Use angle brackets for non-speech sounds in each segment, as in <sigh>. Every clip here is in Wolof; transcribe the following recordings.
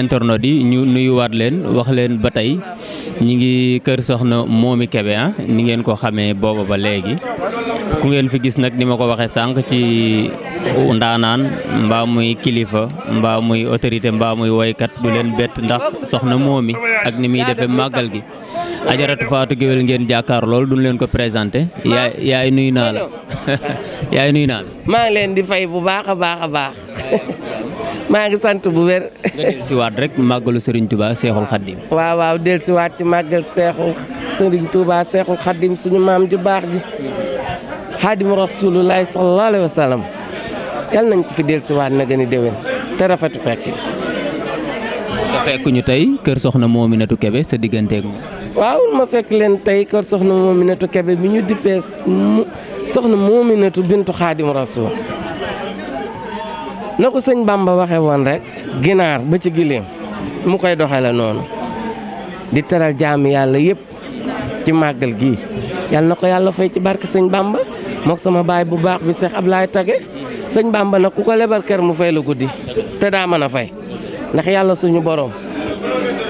internet yi ñu nuyuwaat leen wax leen ba tey ñi ngi kër soxna moomi kebe ah ni ngeen ko xamee booba ba léegi ku ngeen fi gis nag ni ma ko waxee sànq ci ndaanaan mbaa muy kilifa mbaa muy autorité mbaa muy woykat du leen bett ndax soxna moomi ak ni muy defee màggal gi ajaratu faatu géwél ngeen jàkkaar lool duñ leen ko présenté yaay yaay nuyu naa la <laughs> yaay nuyu naa la maa ngi leen di fay bu baax a baax a baax <laughs> maa ngi sant bu wér <laughs> nga dellusiwaat rek màggalu Serigne Touba Seexul Xaddim waaw waaw dellusiwaat ci màggal Seexul Serigne Touba Seexul Xaddim suñu maam ju baax ji Xaadimu Rasuulullaahi sallallaahu alayhi yal nañ ko fi dellusiwaat na gën a déwén te rafetu fekk. te fekk tey kër soxna Mominatou Kébé sa digganteeg moom. waaw ma fekk leen tey kër soxna Mominatou Kébé bi ñu dippee mu soxna Mominatou bintu Xaadim Rasuul na ko sëñ Bamba waxee woon rek ginaar ba ci gileem mu koy doxale noonu di teral jaami yàlla yëpp ci màggal gi yal na ko yàlla fay ci barke sëñ Bamba mook sama baay bu baax bi Seex Ablaay Tage sëñ Bamba na ku ko lebal kër mu fay la guddi te daa mën a fay ndax yàlla suñu boroom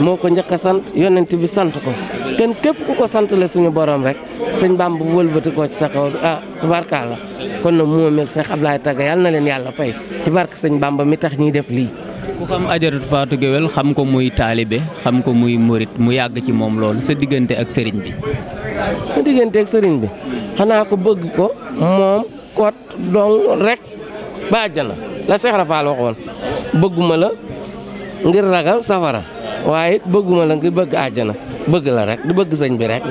moo ko njëkk a sant yonent bi sant ko kenn képp ku ko sant santale suñu boroom rek sëñ Bamba bu wëlbati koo ci sa kaw ah tubarkaa la kon na moo meeg Seex Ablaay Tagga yàlla na leen yàlla fay ci barke sëñ Bamba mi tax ñuy def lii. ku xam ajaratu Fatou Guewel xam ko muy taalibe xam ko muy murit mu yàgg ci moom loolu sa diggante ak sëriñ bi. sa diggante ak sëriñ bi xanaa ko bëgg ko moom ba àjjana la Cheikh Rafaal waxoon bëgguma la ngir ragal safara waaye bëgguma la ngir bëgg àjjana bëgg la rek di bëgg sëñ bi rek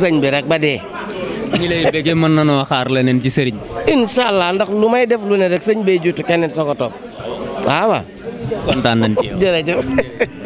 sëñ bi rek ba dee. ñi lay bëggee mën na noo xaar leneen ci sëriñ bi. ndax lu may def lu ne rek sëñ bee juutu keneen soo ko topp kontaan nañ ci yow <laughs>